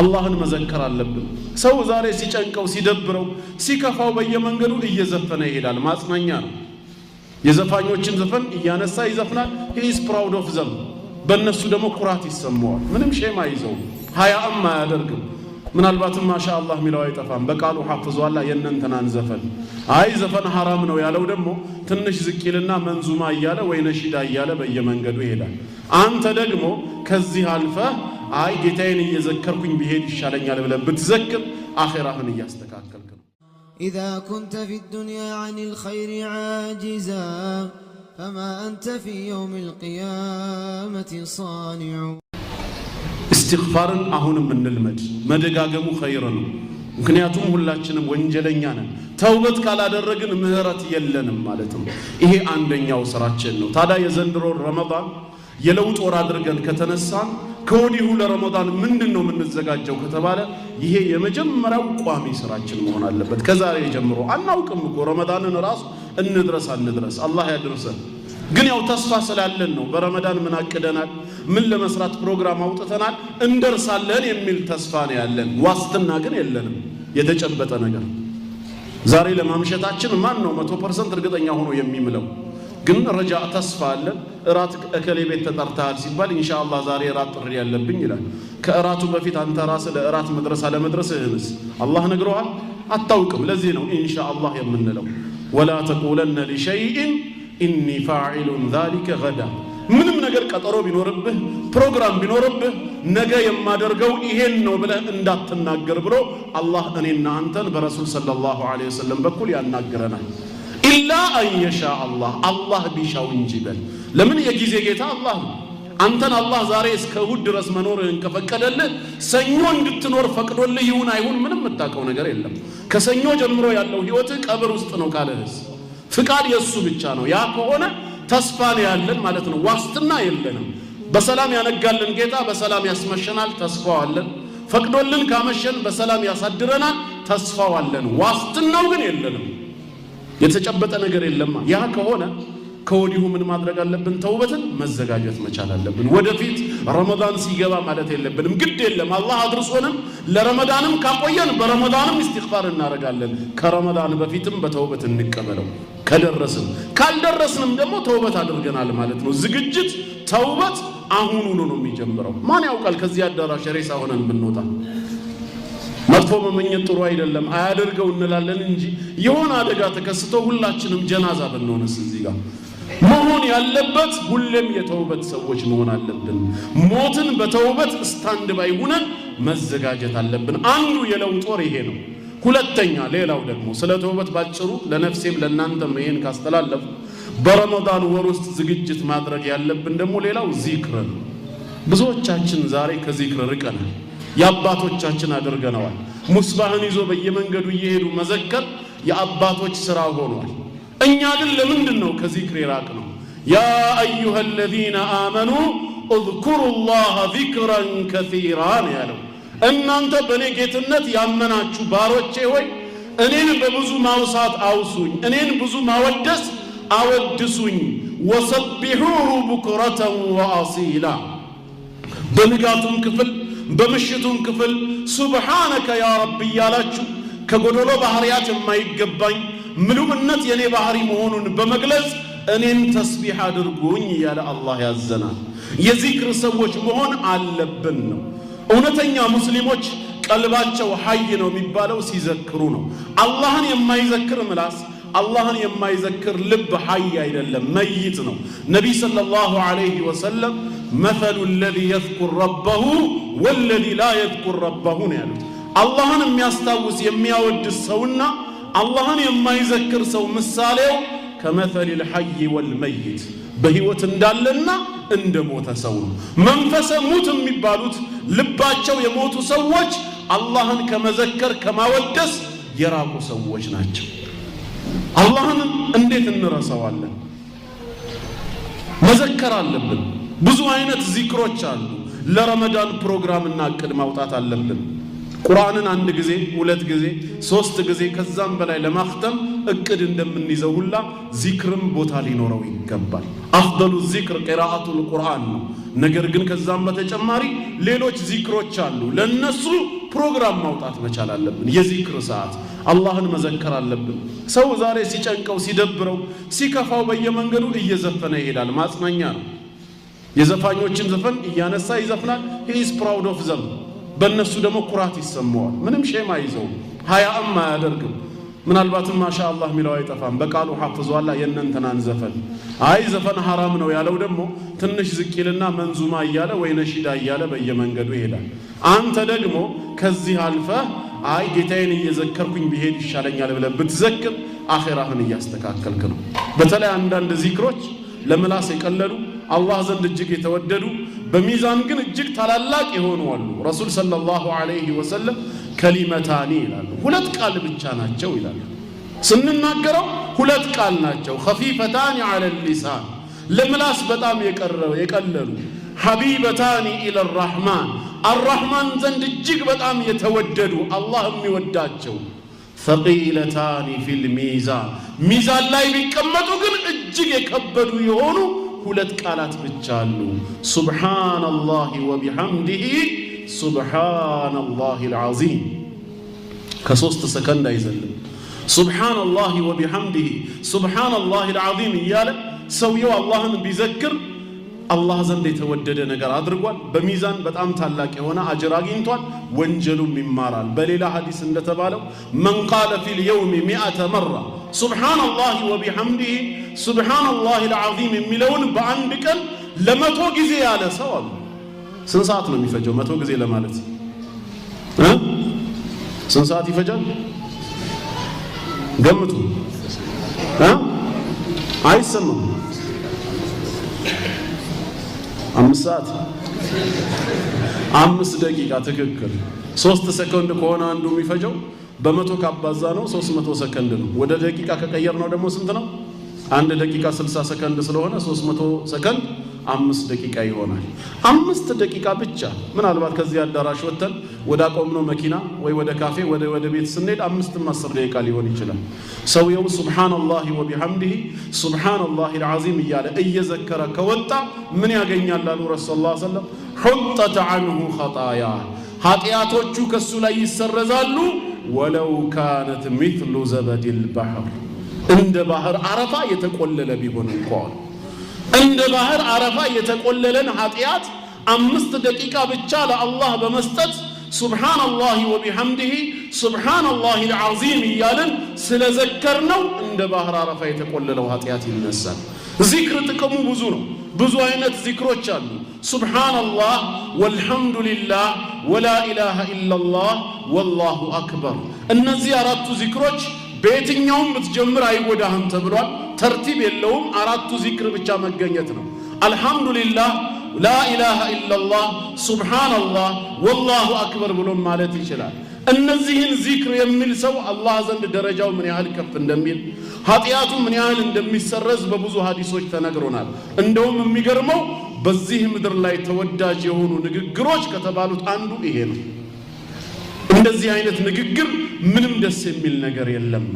አላህን መዘከር አለብን። ሰው ዛሬ ሲጨንቀው፣ ሲደብረው፣ ሲከፋው በየመንገዱ እየዘፈነ ይሄዳል። ማጽናኛ ነው። የዘፋኞችን ዘፈን እያነሳ ይዘፍናል። ሂስ ፕራውድ ኦፍ ዘም በእነሱ ደግሞ ኩራት ይሰማዋል። ምንም ሼም አይዘውም፣ ሀያእም አያደርግም። ምናልባትም ማሻ አላህ የሚለው አይጠፋም። በቃሉ ሐፍዟላ የእነንትናን ዘፈን አይ ዘፈን ሐራም ነው ያለው ደግሞ ትንሽ ዝቂልና መንዙማ እያለ ወይ ነሺዳ እያለ በየመንገዱ ይሄዳል። አንተ ደግሞ ከዚህ አልፈህ አይ ጌታዬን እየዘከርኩኝ ብሄድ ይሻለኛል ብለን ብትዘክር አኼራህን እያስተካከልክ ነው። ኢዛ ኩንተ ፊ ዱንያ ዐኒል ኸይሪ ዓጂዛ ፈማ አንተ ፊ የውም ልቅያመት ሳኒዑ። እስትግፋርን አሁንም እንልመድ። መደጋገሙ ኸይር ነው። ምክንያቱም ሁላችንም ወንጀለኛ ነን። ተውበት ካላደረግን ምህረት የለንም ማለት ነው። ይሄ አንደኛው ስራችን ነው። ታዲያ የዘንድሮ ረመዳን የለውጥ ወር አድርገን ከተነሳን ከወዲሁ ለረመዳን ምንድን ነው የምንዘጋጀው ከተባለ ይሄ የመጀመሪያው ቋሚ ስራችን መሆን አለበት። ከዛሬ ጀምሮ አናውቅም እኮ ረመዳንን ራሱ እንድረስ አንድረስ አላህ ያድርሰን። ግን ያው ተስፋ ስላለን ነው በረመዳን ምን አቅደናል፣ ምን ለመስራት ፕሮግራም አውጥተናል፣ እንደርሳለን የሚል ተስፋ ነው ያለን። ዋስትና ግን የለንም የተጨበጠ ነገር። ዛሬ ለማምሸታችን ማን ነው መቶ ፐርሰንት እርግጠኛ ሆኖ የሚምለው? ግን ረጃ ተስፋ አለን። እራት እከሌ ቤት ተጠርተሃል ሲባል ኢንሻአላ ዛሬ እራት ጥሪ ያለብኝ ይላል። ከእራቱ በፊት አንተ ራስህ ለእራት መድረስ አለመድረስህንስ አላህ ነግረዋል አታውቅም። ለዚህ ነው ኢንሻአላህ የምንለው። ወላ ተቁለነ ሊሸይእን ኢኒ ፋዒሉን ዛሊከ ገዳ። ምንም ነገር ቀጠሮ ቢኖርብህ ፕሮግራም ቢኖርብህ ነገ የማደርገው ይሄን ነው ብለህ እንዳትናገር ብሎ አላህ እኔና አንተን በረሱል ሰለላሁ ዐለይሂ ወሰለም በኩል ያናግረናል። ኢላ አንየሻ አላህ አላህ ቢሻው እንጂ በል። ለምን የጊዜ ጌታ አላህ ነው። አንተን አላህ ዛሬ እስከ እሁድ ድረስ መኖርህን ከፈቀደልህ ሰኞ እንድትኖር ፈቅዶልህ ይሁን አይሁን ምንም የምታውቀው ነገር የለም። ከሰኞ ጀምሮ ያለው ህይወትህ ቀብር ውስጥ ነው ካለህስ ፍቃድ የእሱ ብቻ ነው። ያ ከሆነ ተስፋ ነው ያለን ማለት ነው። ዋስትና የለንም። በሰላም ያነጋልን ጌታ በሰላም ያስመሸናል፣ ተስፋው አለን። ፈቅዶልን ካመሸን በሰላም ያሳድረናል፣ ተስፋው አለን። ዋስትናው ግን የለንም። የተጨበጠ ነገር የለማ። ያ ከሆነ ከወዲሁ ምን ማድረግ አለብን? ተውበትን መዘጋጀት መቻል አለብን። ወደፊት ረመዳን ሲገባ ማለት የለብንም። ግድ የለም አላህ አድርሶንም ለረመዳንም ካቆየን በረመዳንም ኢስቲግፋር እናደርጋለን። ከረመዳን በፊትም በተውበት እንቀበለው። ከደረስን ካልደረስንም ደግሞ ተውበት አድርገናል ማለት ነው። ዝግጅት ተውበት አሁኑኑ ነው የሚጀምረው። ማን ያውቃል ከዚህ አዳራሽ ሬሳ ሆነን ብንወጣ መጥፎ መመኘት ጥሩ አይደለም፣ አያደርገው እንላለን እንጂ የሆነ አደጋ ተከስቶ ሁላችንም ጀናዛ ብንሆንስ? እዚህ ጋር መሆን ያለበት ሁሌም የተውበት ሰዎች መሆን አለብን። ሞትን በተውበት ስታንድ ባይ ሁነን መዘጋጀት አለብን። አንዱ የለውጥ ወር ይሄ ነው። ሁለተኛ ሌላው ደግሞ ስለ ተውበት ባጭሩ ለነፍሴም ለእናንተም ይሄን ካስተላለፉ በረመዳን ወር ውስጥ ዝግጅት ማድረግ ያለብን ደግሞ ሌላው ዚክር ነው። ብዙዎቻችን ዛሬ ከዚክር ርቀናል። የአባቶቻችን አድርገነዋል። ሙስባህን ይዞ በየመንገዱ እየሄዱ መዘከር የአባቶች ስራ ሆኗል። እኛ ግን ለምንድን ነው ከዚክር የራቅ ነው? ያ አዩሃ አለዚነ አመኑ እዝኩሩ ላህ ዚክረን ከሲራ ያለው። እናንተ በእኔ ጌትነት ያመናችሁ ባሮቼ ሆይ እኔን በብዙ ማውሳት አውሱኝ፣ እኔን ብዙ ማወደስ አወድሱኝ። ወሰቢሑሁ ቡኩረተን ወአሲላ በንጋቱም ክፍል በምሽቱን ክፍል ሱብሓነከ ያ ረቢ እያላችሁ ከጎደሎ ባህሪያት የማይገባኝ ምሉእነት የእኔ ባህሪ መሆኑን በመግለጽ እኔን ተስቢሕ አድርጉኝ እያለ አላህ ያዘናል። የዚክር ሰዎች መሆን አለብን ነው። እውነተኛ ሙስሊሞች ቀልባቸው ሀይ ነው የሚባለው ሲዘክሩ ነው። አላህን የማይዘክር ምላስ አላህን የማይዘክር ልብ ሐይ አይደለም፣ መይት ነው። ነቢይ ሰለላሁ ዐለይሂ ወሰለም መሰሉ ለዚ የዝኩር ረበሁ ወለዚ ላ የዝኩር ረበሁ ነው ያሉት። አላህን የሚያስታውስ የሚያወድስ ሰውና አላህን የማይዘክር ሰው ምሳሌው ከመሰል ልሐይ ወልመይት በሕይወት እንዳለና እንደ ሞተ ሰው ነው። መንፈሰ ሙት የሚባሉት ልባቸው የሞቱ ሰዎች አላህን ከመዘከር ከማወደስ የራቁ ሰዎች ናቸው። አላህን እንዴት እንረሳዋለን? መዘከር አለብን። ብዙ አይነት ዚክሮች አሉ። ለረመዳን ፕሮግራምና እቅድ ማውጣት አለብን። ቁርአንን አንድ ጊዜ፣ ሁለት ጊዜ፣ ሶስት ጊዜ ከዛም በላይ ለማክተም እቅድ እንደምንይዘው ሁላ ዚክርም ቦታ ሊኖረው ይገባል። አፍደሉ ዚክር ቂራአቱል ቁርአን ነው። ነገር ግን ከዛም በተጨማሪ ሌሎች ዚክሮች አሉ። ለነሱ ፕሮግራም ማውጣት መቻል አለብን። የዚክር ሰዓት አላህን መዘከር አለብን። ሰው ዛሬ ሲጨንቀው፣ ሲደብረው፣ ሲከፋው በየመንገዱ እየዘፈነ ይሄዳል። ማጽናኛ ነው። የዘፋኞችን ዘፈን እያነሳ ይዘፍናል። ሂዝ ፕራውድ ኦፍ ዘም። በእነሱ ደግሞ ኩራት ይሰማዋል። ምንም ሼም አይዘውም፣ ሀያእም አያደርግም። ምናልባትም ማሻ አላህ ሚለው አይጠፋም። በቃሉ ሐፍዟላ የእነንትናን ዘፈን አይ ዘፈን ሐራም ነው ያለው ደግሞ ትንሽ ዝቂልና መንዙማ እያለ ወይ ነሺዳ እያለ በየመንገዱ ይሄዳል። አንተ ደግሞ ከዚህ አልፈህ አይ ጌታዬን እየዘከርኩኝ ብሄድ ይሻለኛል ብለን ብትዘክር አኼራህን እያስተካከልክ ነው። በተለይ አንዳንድ ዚክሮች ለምላስ የቀለሉ አላህ ዘንድ እጅግ የተወደዱ በሚዛን ግን እጅግ ታላላቅ የሆኑ አሉ። ረሱል ሰለላሁ ዐለይሂ ወሰለም ከሊመታኒ ይላሉ፣ ሁለት ቃል ብቻ ናቸው ይላሉ። ስንናገረው ሁለት ቃል ናቸው። ከፊፈታኒ ዐለ ሊሳን ለምላስ በጣም የቀለሉ፣ ሐቢበታኒ ኢለ ራሕማን አራህማን ዘንድ እጅግ በጣም የተወደዱ አላህ የሚወዳቸው ፈቂለታኒ ፊል ሚዛን ሚዛን ላይ ቢቀመጡ ግን እጅግ የከበዱ የሆኑ ሁለት ቃላት ብቻ አሉ። ሱብሓነላሂ ወቢሐምዲሂ ሱብሓነላሂል ዓዚም ከሶስት ሰከንድ አይዘልም። ሱብሓነላሂ ወቢሐምዲሂ ሱብሓነላሂል ዓዚም እያለ ሰውየው አላህን ቢዘክር አላህ ዘንድ የተወደደ ነገር አድርጓል። በሚዛን በጣም ታላቅ የሆነ አጅር አግኝቷል። ወንጀሉም ይማራል። በሌላ ሐዲስ እንደተባለው መን ቃለ ፊል የውሚ ሚአተ መራ ሱብሓነላህ ወቢሐምዲህ ሱብሓነላህ ልዓዚም የሚለውን በአንድ ቀን ለመቶ ጊዜ ያለ ሰው አሉ። ስንት ሰዓት ነው የሚፈጀው? መቶ ጊዜ ለማለት ስንት ሰዓት ይፈጃል? ገምቱ። አይሰማም አምስት ሰዓት አምስት ደቂቃ ትክክል። ሶስት ሰከንድ ከሆነ አንዱ የሚፈጀው በመቶ ካባዛ ነው ሶስት መቶ ሰከንድ ነው። ወደ ደቂቃ ከቀየር ነው ደግሞ ስንት ነው? አንድ ደቂቃ ስልሳ ሰከንድ ስለሆነ ሶስት መቶ ሰከንድ አምስት ደቂቃ ይሆናል። አምስት ደቂቃ ብቻ ምናልባት ከዚህ አዳራሽ ወጥተን ወደ አቆምነው መኪና ወይ ወደ ካፌ ወደ ወደ ቤት ስንሄድ አምስትም አስር ደቂቃ ሊሆን ይችላል። ሰውየው ሱብሓነላሂ ወቢሐምዲሂ ሱብሓነላሂል ዓዚም እያለ እየዘከረ ከወጣ ምን ያገኛል? አሉ ረሱል ላ ሰለም ሑጠት ዐንሁ ኸጣያ ኃጢአቶቹ ከእሱ ላይ ይሰረዛሉ። ወለው ካነት ሚትሉ ዘበዲል ባህር እንደ ባህር አረፋ የተቆለለ ቢሆን እንኳን እንደ ባህር አረፋ የተቆለለን ኃጢአት አምስት ደቂቃ ብቻ ለአላህ በመስጠት ሱብሓነላሂ ወቢሐምድህ ሱብሓነላሂ ልዓዚም እያለን ስለዘከር ነው እንደ ባህር አረፋ የተቆለለው ኃጢአት ይነሳል። ዚክር ጥቅሙ ብዙ ነው። ብዙ አይነት ዚክሮች አሉ። ሱብሓነላህ ወልሐምዱሊላህ ወላ ኢላሃ ኢላላህ ወላሁ አክበር እነዚህ አራቱ ዚክሮች በየትኛውም ብትጀምር አይጎዳህም ተብሏል። ተርቲብ የለውም። አራቱ ዚክር ብቻ መገኘት ነው። አልሐምዱሊላህ፣ ላኢላሃ ኢላላህ፣ ሱብሓነላህ፣ ወላሁ አክበር ብሎም ማለት ይችላል። እነዚህን ዚክር የሚል ሰው አላህ ዘንድ ደረጃው ምን ያህል ከፍ እንደሚል ኃጢአቱ ምን ያህል እንደሚሰረዝ በብዙ ሀዲሶች ተነግሮናል። እንደውም የሚገርመው በዚህ ምድር ላይ ተወዳጅ የሆኑ ንግግሮች ከተባሉት አንዱ ይሄ ነው። እንደዚህ አይነት ንግግር ምንም ደስ የሚል ነገር የለም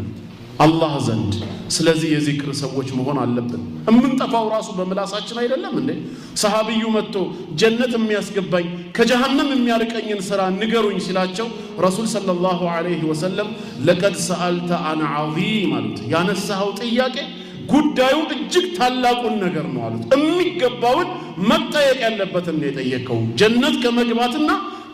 አላህ ዘንድ። ስለዚህ የዚክር ሰዎች መሆን አለብን። የምንጠፋው ራሱ በምላሳችን አይደለም እንዴ? ሰሃቢዩ መጥቶ ጀነት የሚያስገባኝ ከጀሃነም የሚያርቀኝን ስራ ንገሩኝ ሲላቸው ረሱል ሰለላሁ ዐለይሂ ወሰለም ለቀድ ሰአልተ አን ዐዚም አሉት። ያነሳኸው ጥያቄ ጉዳዩ እጅግ ታላቁን ነገር ነው አሉት። የሚገባውን መጠየቅ ያለበትን ነው የጠየቀው ጀነት ከመግባትና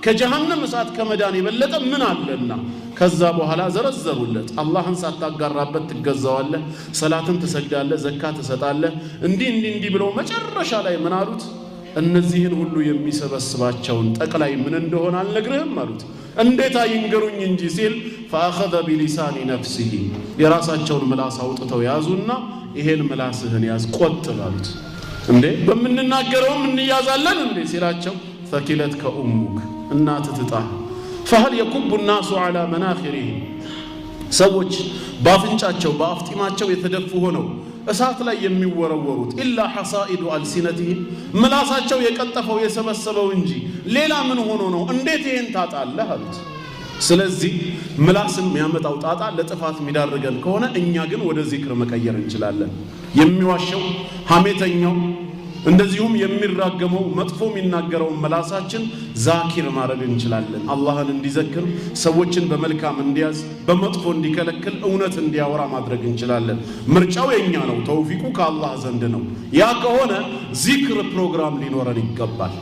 ከጀሃነም እሳት ከመዳን የበለጠ ምን አለና? ከዛ በኋላ ዘረዘሩለት። አላህን ሳታጋራበት ትገዛዋለህ፣ ሰላትን ትሰግዳለህ፣ ዘካ ትሰጣለህ፣ እንዲህ እንዲህ እንዲህ ብለው መጨረሻ ላይ ምን አሉት? እነዚህን ሁሉ የሚሰበስባቸውን ጠቅላይ ምን እንደሆነ አልነግርህም አሉት። እንዴት አይንገሩኝ እንጂ ሲል ፈአኸዘ ቢሊሳኒ ነፍሲሂ የራሳቸውን ምላስ አውጥተው ያዙና ይሄን ምላስህን ያዝ ቆጥብ አሉት። እንዴ በምንናገረውም እንያዛለን እንዴ ሲላቸው ፈኪለት ከኡሙክ እናት ትጣ ፈሀል የኩቡ ናሱ ዐላ መናኺሪሂም ሰዎች በአፍንጫቸው በአፍጢማቸው የተደፉ ሆነው እሳት ላይ የሚወረወሩት ኢላ ሐሳኢዱ አልሲነቲሂም ምላሳቸው የቀጠፈው የሰበሰበው እንጂ ሌላ ምን ሆኖ ነው? እንዴት ይሄን ታጣለህ አሉት። ስለዚህ ምላስ የሚያመጣው ጣጣ ለጥፋት የሚዳርገን ከሆነ እኛ ግን ወደ ዚክር መቀየር እንችላለን። የሚዋሸው ሐሜተኛው እንደዚሁም የሚራገመው መጥፎ የሚናገረውን መላሳችን ዛኪር ማድረግ እንችላለን። አላህን እንዲዘክር፣ ሰዎችን በመልካም እንዲያዝ፣ በመጥፎ እንዲከለክል፣ እውነት እንዲያወራ ማድረግ እንችላለን። ምርጫው የኛ ነው። ተውፊቁ ከአላህ ዘንድ ነው። ያ ከሆነ ዚክር ፕሮግራም ሊኖረን ይገባል።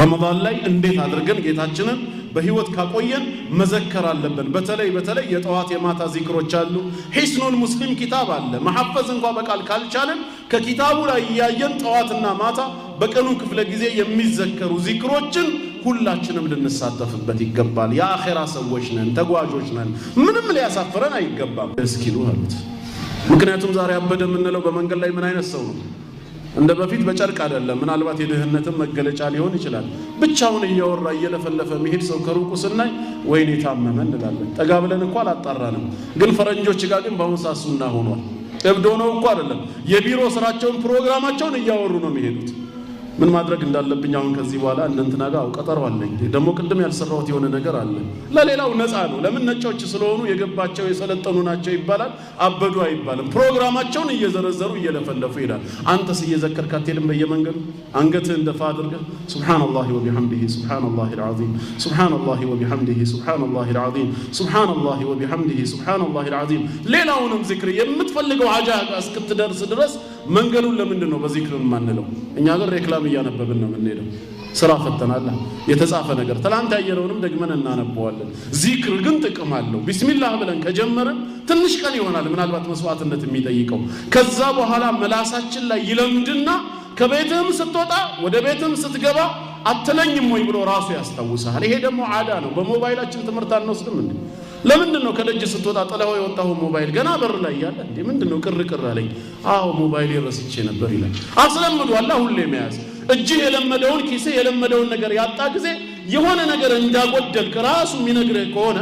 ረመዳን ላይ እንዴት አድርገን ጌታችንን በህይወት ካቆየን መዘከር አለብን። በተለይ በተለይ የጠዋት የማታ ዚክሮች አሉ። ሒስኑል ሙስሊም ኪታብ አለ። መሐፈዝ እንኳ በቃል ካልቻለን ከኪታቡ ላይ እያየን ጠዋትና ማታ በቀኑ ክፍለ ጊዜ የሚዘከሩ ዚክሮችን ሁላችንም ልንሳተፍበት ይገባል። የአኼራ ሰዎች ነን፣ ተጓዦች ነን። ምንም ሊያሳፍረን አይገባም። እስኪሉ አሉት። ምክንያቱም ዛሬ አበደ የምንለው በመንገድ ላይ ምን አይነት ሰው ነው? እንደ በፊት በጨርቅ አይደለም። ምናልባት የድህነትን መገለጫ ሊሆን ይችላል። ብቻውን እያወራ እየለፈለፈ መሄድ ሰው ከሩቁ ስናይ ወይኔ ታመመ እንላለን። ጠጋ ብለን እኮ አላጣራንም። ግን ፈረንጆች ጋር ግን በአሁኑ ሰዓት ሱና ሆኗል። እብዶ ነው እኮ አይደለም፣ የቢሮ ስራቸውን ፕሮግራማቸውን እያወሩ ነው የሚሄዱት። ምን ማድረግ እንዳለብኝ አሁን ከዚህ በኋላ እነንትና ጋር ቀጠሮ አለኝ። ደግሞ ቅድም ያልሰራሁት የሆነ ነገር አለ። ለሌላው ነፃ ነው። ለምን ነጮች ስለሆኑ የገባቸው የሰለጠኑ ናቸው ይባላል። አበዱ አይባልም። ፕሮግራማቸውን እየዘረዘሩ እየለፈለፉ ይሄዳል። አንተስ እየዘከርክ አትሄድም በየመንገዱ አንገትህን ደፋ አድርገህ ሱብሓነላሂ ወቢሐምዲሂ ሱብሓነላሂል ዐዚም ሱብሓነላሂ ወቢሐምዲሂ ሱብሓነላሂል ዐዚም ሱብሓነላሂ ወቢሐምዲሂ ሱብሓነላሂል ዐዚም። ሌላውንም ዚክር የምትፈልገው ሀጃ እስክትደርስ ድረስ መንገዱን ለምንድን ነው በዚክር የማንለው? እኛ ግን ሬክላም በጣም እያነበብን ነው የምንሄደው። ስራ ፈተናላ የተጻፈ ነገር ትላንት ያየነውንም ደግመን እናነበዋለን። ዚክር ግን ጥቅም አለው። ቢስሚላህ ብለን ከጀመርን ትንሽ ቀን ይሆናል ምናልባት መስዋዕትነት የሚጠይቀው። ከዛ በኋላ መላሳችን ላይ ይለምድና ከቤትህም ስትወጣ ወደ ቤትህም ስትገባ አትለኝም ወይ ብሎ ራሱ ያስታውሳል። ይሄ ደግሞ አዳ ነው። በሞባይላችን ትምህርት አንወስድም እንዴ? ለምንድን ነው ከደጅ ስትወጣ ጥለው የወጣሁ ሞባይል ገና በር ላይ ያለ እንዴ? ምንድን ነው ቅር ቅር አለኝ። አዎ ሞባይል ረስቼ ነበር ይላል። አስለምዷላ ሁሌ መያዝ እጅህ የለመደውን ኪስህ የለመደውን ነገር ያጣ ጊዜ የሆነ ነገር እንዳጎደልክ ራሱ የሚነግርህ ከሆነ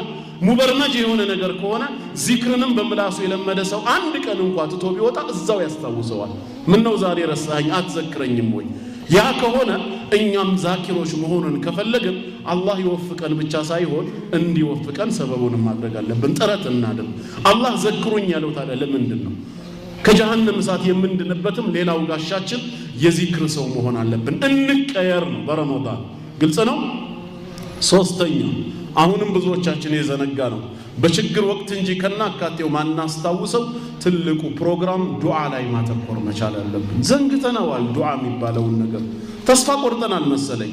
ሙበርነጅ የሆነ ነገር ከሆነ ዚክርንም በምላሱ የለመደ ሰው አንድ ቀን እንኳ ትቶ ቢወጣ እዛው ያስታውሰዋል። ነው ዛሬ ረሳኝ አትዘክረኝም ወይ? ያ ከሆነ እኛም ዛኪሮች መሆኑን ከፈለግን አላህ ይወፍቀን ብቻ ሳይሆን እንዲወፍቀን ሰበቡንም ማድረግ አለብን። ጥረት እናድርግ። አላህ ዘክሩኝ ያለው ታዲያ ለምንድን ነው? ከጀሃነም እሳት የምንድንበትም ሌላው ጋሻችን የዚክር ሰው መሆን አለብን። እንቀየር ነው በረመዳን ግልጽ ነው። ሶስተኛ አሁንም ብዙዎቻችን የዘነጋ ነው በችግር ወቅት እንጂ ከናካቴው ማናስታውሰው ትልቁ ፕሮግራም ዱዓ ላይ ማተኮር መቻል አለብን። ዘንግተነዋል። ዱዓ የሚባለውን ነገር ተስፋ ቆርጠናል መሰለኝ።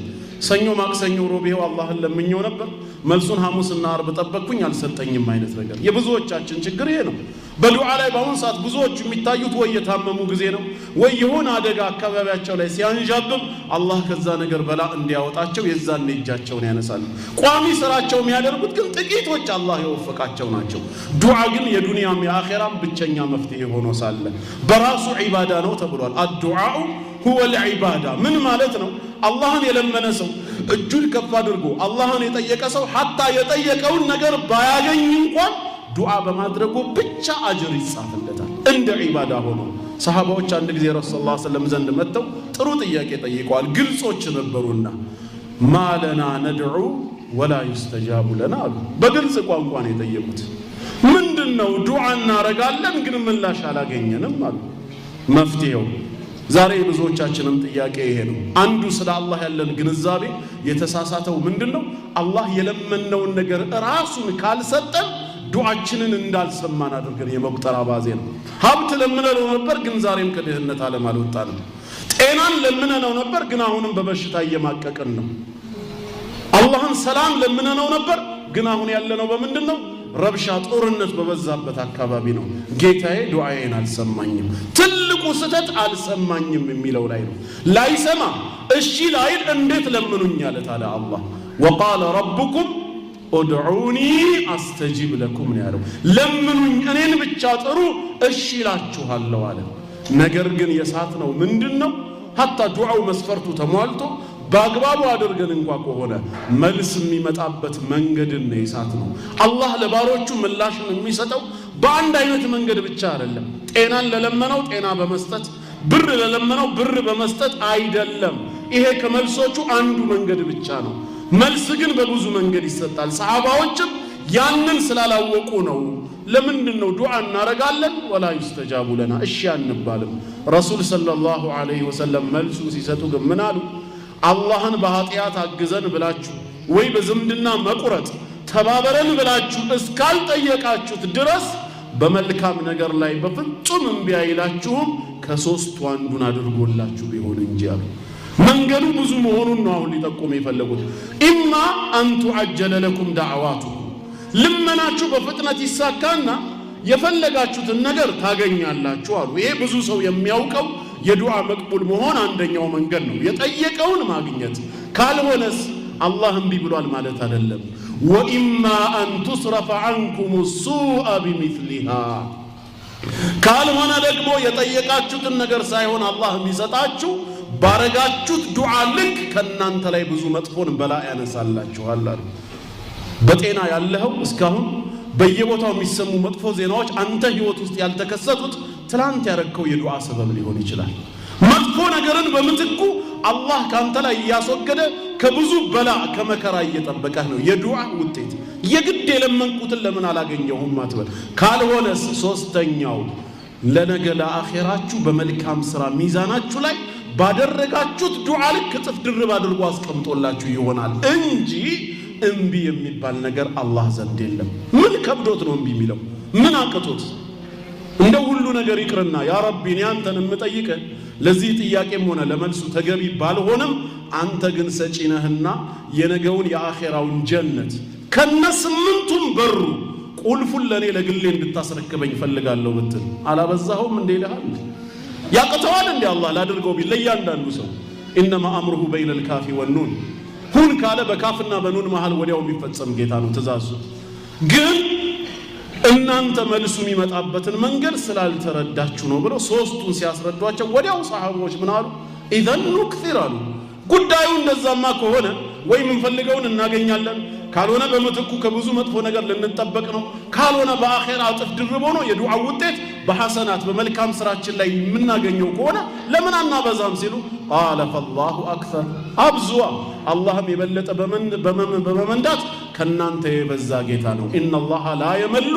ሰኞ፣ ማክሰኞ፣ ሮቤው አላህ አላህን ለምኘው ነበር መልሱን ሐሙስና አርብ ጠበቅኩኝ አልሰጠኝም አይነት ነገር የብዙዎቻችን ችግር ይሄ ነው። በዱዓ ላይ በአሁኑ ሰዓት ብዙዎቹ የሚታዩት ወይ የታመሙ ጊዜ ነው ወይ የሆነ አደጋ አካባቢያቸው ላይ ሲያንዣብብ አላህ ከዛ ነገር በላ እንዲያወጣቸው የዛን እጃቸውን ያነሳሉ። ቋሚ ስራቸው የሚያደርጉት ግን ጥቂቶች አላህ የወፈቃቸው ናቸው። ዱዓ ግን የዱንያም የአኼራም ብቸኛ መፍትሄ ሆኖ ሳለ በራሱ ዒባዳ ነው ተብሏል። አዱዓኡ ሁወ ልዒባዳ ምን ማለት ነው? አላህን የለመነ ሰው እጁን ከፍ አድርጎ አላህን የጠየቀ ሰው ሀታ የጠየቀውን ነገር ባያገኝ እንኳን ዱዓ በማድረጉ ብቻ አጅር ይጻፍለታል። እንደ ዒባዳ ሆኖ ሰሃባዎች አንድ ጊዜ ረሱ ላ ስለም ዘንድ መጥተው ጥሩ ጥያቄ ጠይቀዋል። ግልጾች ነበሩና ማለና ነድዑ ወላ ዩስተጃቡ ለና አሉ። በግልጽ ቋንቋ ነው የጠየቁት። ምንድን ነው ዱዓ እናረጋለን ግን ምላሽ አላገኘንም አሉ። መፍትሄው ዛሬ ብዙዎቻችንም ጥያቄ ይሄ ነው። አንዱ ስለ አላህ ያለን ግንዛቤ የተሳሳተው ምንድን ነው? አላህ የለመነውን ነገር ራሱን ካልሰጠን ዱዓችንን እንዳልሰማን አድርገን የመቁጠር አባዜ ነው። ሀብት ለምነነው ነበር፣ ግን ዛሬም ከድህነት ዓለም አልወጣንም። ጤናን ለምነነው ነበር፣ ግን አሁንም በበሽታ እየማቀቅን ነው። አላህን ሰላም ለምነነው ነበር፣ ግን አሁን ያለነው በምንድን ነው? ረብሻ፣ ጦርነት በበዛበት አካባቢ ነው። ጌታዬ ዱዓዬን አልሰማኝም። ትልቁ ስህተት አልሰማኝም የሚለው ላይ ነው። ላይሰማ እሺ ላይል እንዴት ለምኑኝ አለ አላህ ወቃለ ረብኩም ኦድዑኒ አስተጂብ ለኩም ነው ያለው። ለምኑኝ፣ እኔን ብቻ ጥሩ፣ እሺ ይላችኋለሁ አለ። ነገር ግን የሳት ነው ምንድን ነው? ሀታ ዱዓው መስፈርቱ ተሟልቶ በአግባቡ አድርገን እንኳ ከሆነ መልስ የሚመጣበት መንገድን የሳት ነው። አላህ ለባሮቹ ምላሽን የሚሰጠው በአንድ አይነት መንገድ ብቻ አይደለም። ጤናን ለለመነው ጤና በመስጠት ብር ለለመነው ብር በመስጠት አይደለም። ይሄ ከመልሶቹ አንዱ መንገድ ብቻ ነው። መልስ ግን በብዙ መንገድ ይሰጣል። ሰሃባዎችም ያንን ስላላወቁ ነው። ለምንድን ነው ዱዓ እናረጋለን ወላ ይስተጃቡ ለና እሺ አንባልም? ረሱል ሰለላሁ ዐለይሂ ወሰለም መልሱ ሲሰጡ ግን ምን አሉ? አላህን በኃጢአት አግዘን ብላችሁ ወይ በዝምድና መቁረጥ ተባበረን ብላችሁ እስካልጠየቃችሁት ድረስ በመልካም ነገር ላይ በፍጹም እምቢ አይላችሁም። ከሶስቱ አንዱን አድርጎላችሁ ቢሆን እንጂ አሉ። መንገዱ ብዙ መሆኑን ነው አሁን ሊጠቁም የፈለጉት። ኢማ አንቱ አጀለ ለኩም ዳዕዋቱ ልመናችሁ በፍጥነት ይሳካና የፈለጋችሁትን ነገር ታገኛላችሁ አሉ። ይሄ ብዙ ሰው የሚያውቀው የዱዓ መቅቡል መሆን አንደኛው መንገድ ነው፣ የጠየቀውን ማግኘት። ካልሆነስ አላህ እምቢ ብሏል ማለት አይደለም። ወኢማ አን ቱስረፈ አንኩም ሱአ ቢሚስሊሃ ካልሆነ ደግሞ የጠየቃችሁትን ነገር ሳይሆን አላህ የሚሰጣችሁ ባረጋችሁት ዱዓ ልክ ከእናንተ ላይ ብዙ መጥፎን በላ ያነሳላችኋል አሉ። በጤና ያለኸው እስካሁን በየቦታው የሚሰሙ መጥፎ ዜናዎች አንተ ህይወት ውስጥ ያልተከሰቱት ትላንት ያረግከው የዱዓ ሰበብ ሊሆን ይችላል። መጥፎ ነገርን በምትኩ አላህ ከአንተ ላይ እያስወገደ ከብዙ በላ ከመከራ እየጠበቀህ ነው። የዱዓ ውጤት የግድ የለመንኩትን ለምን አላገኘሁም አትበል። ካልሆነስ ሶስተኛው ለነገ ለአኼራችሁ በመልካም ስራ ሚዛናችሁ ላይ ባደረጋችሁት ዱዓ ልክ እጥፍ ድርብ አድርጎ አስቀምጦላችሁ ይሆናል እንጂ እምቢ የሚባል ነገር አላህ ዘንድ የለም። ምን ከብዶት ነው እምቢ የሚለው? ምን አቅቶት? እንደ ሁሉ ነገር ይቅርና ያ ረቢ እኔ አንተን የምጠይቀ ለዚህ ጥያቄም ሆነ ለመልሱ ተገቢ ባልሆንም አንተ ግን ሰጪ ነህና የነገውን የአኼራውን ጀነት ከነ ስምንቱም በሩ ቁልፉን ለእኔ ለግሌ እንድታስረክበኝ ፈልጋለሁ ብትል አላበዛኸውም እንደ ይልሃል ያቅተዋል እንዲ አላህ ላደርገው ቢል ለእያንዳንዱ ሰው ኢነማ አምሩሁ በይነ ልካፊ ወኑን ሁን ካለ በካፍና በኑን መሃል ወዲያው የሚፈጸም ጌታ ነው ትእዛዙ። ግን እናንተ መልሱ የሚመጣበትን መንገድ ስላልተረዳችሁ ነው ብለው ሶስቱን ሲያስረዷቸው ወዲያው ሰሐቦች ምን አሉ? ኢዘን ኑክሲር አሉ። ጉዳዩ እንደዛማ ከሆነ ወይ የምንፈልገውን እናገኛለን ካልሆነ በምትኩ ከብዙ መጥፎ ነገር ልንጠበቅ ነው። ካልሆነ በአኼራ እጥፍ ድርብ ሆኖ የዱዓው ውጤት በሐሰናት በመልካም ስራችን ላይ የምናገኘው ከሆነ ለምን አናበዛም ሲሉ ቃለ ፈላሁ አክተር አብዙዋ አላህም የበለጠ በመመንዳት ከእናንተ የበዛ ጌታ ነው። ኢነላሃ ላ የመሉ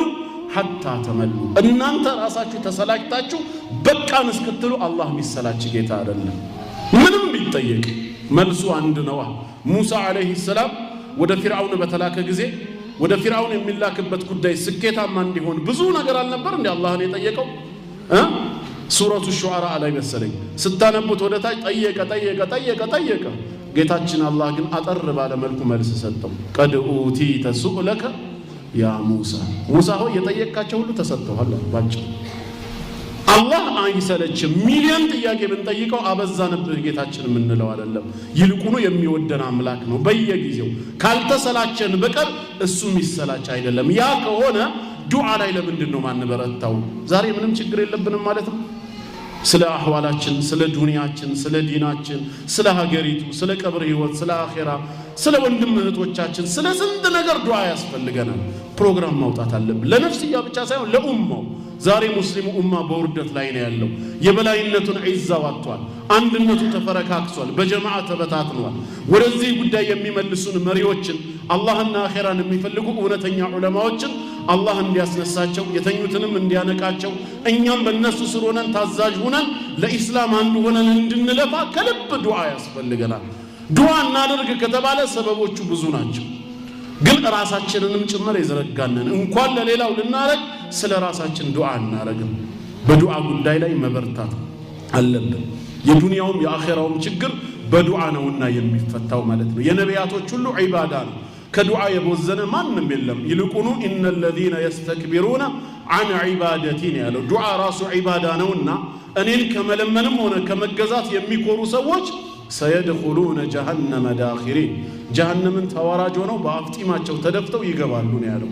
ሐታ ተመሉ። እናንተ ራሳችሁ ተሰላችታችሁ በቃን እስክትሉ አላህ የሚሰላች ጌታ አይደለም። ምንም ቢጠየቅ መልሱ አንድ ነዋ። ሙሳ ዓለይሂ ሰላም ወደ ፊርዓውን በተላከ ጊዜ ወደ ፊርዓውን የሚላክበት ጉዳይ ስኬታማ እንዲሆን ብዙ ነገር አልነበር እንዲ አላህን የጠየቀው ሱረቱ ሹዓራ ላይ መሰለኝ ስታነቡት ወደ ታች ጠየቀ ጠየቀ ጠየቀ ጠየቀ። ጌታችን አላህ ግን አጠር ባለ መልኩ መልስ ሰጠው። ቀድ ኡቲተ ሱእለከ ያ ሙሳ ሙሳ ሆይ የጠየቅካቸው ሁሉ ተሰጥተዋል። ባጭ አላህ አይሰለችም። ሚሊዮን ጥያቄ ብንጠይቀው አበዛንብህ ጌታችን የምንለው አይደለም። ይልቁኑ የሚወደን አምላክ ነው። በየጊዜው ካልተሰላቸን በቀር እሱ የሚሰላች አይደለም። ያ ከሆነ ዱዓ ላይ ለምንድን ነው ማንበረታው? ዛሬ ምንም ችግር የለብንም ማለት ነው። ስለ አህዋላችን፣ ስለ ዱንያችን፣ ስለ ዲናችን፣ ስለ ሀገሪቱ፣ ስለ ቀብር ህይወት፣ ስለ አኼራ፣ ስለ ወንድም እህቶቻችን፣ ስለ ስንት ነገር ዱዓ ያስፈልገናል። ፕሮግራም ማውጣት አለብን። ለነፍስያ ብቻ ሳይሆን ለኡማው ዛሬ ሙስሊሙ ኡማ በውርደት ላይ ነው ያለው። የበላይነቱን ዒዛ ዋጥቷል። አንድነቱ ተፈረካክሷል። በጀማዓ ተበታትኗል። ወደዚህ ጉዳይ የሚመልሱን መሪዎችን፣ አላህና አኼራን የሚፈልጉ እውነተኛ ዑለማዎችን አላህ እንዲያስነሳቸው የተኙትንም እንዲያነቃቸው እኛም በእነሱ ስር ሆነን ታዛዥ ሆነን ለኢስላም አንዱ ሆነን እንድንለፋ ከልብ ዱዓ ያስፈልገናል። ዱዓ እናደርግ ከተባለ ሰበቦቹ ብዙ ናቸው። ግን ራሳችንንም ጭምር የዘረጋንን እንኳን ለሌላው ልናረግ ስለ ራሳችን ዱዓ እናረግም። በዱዓ ጉዳይ ላይ መበርታት አለብን። የዱንያውም የአኼራውም ችግር በዱዓ ነውና የሚፈታው ማለት ነው። የነቢያቶች ሁሉ ዒባዳ ነው። ከዱዓ የቦዘነ ማንም የለም። ይልቁኑ ኢነ ለዚነ የስተክቢሩነ አን ዒባደቲን ያለው። ዱዓ ራሱ ዒባዳ ነውና እኔን ከመለመንም ሆነ ከመገዛት የሚኮሩ ሰዎች ሰየድኹሉነ ጀሃነመ ዳኺሪን ጀሃነምን ተዋራጅ ሆነው በአፍጢማቸው ተደፍተው ይገባሉ ነው ያለው።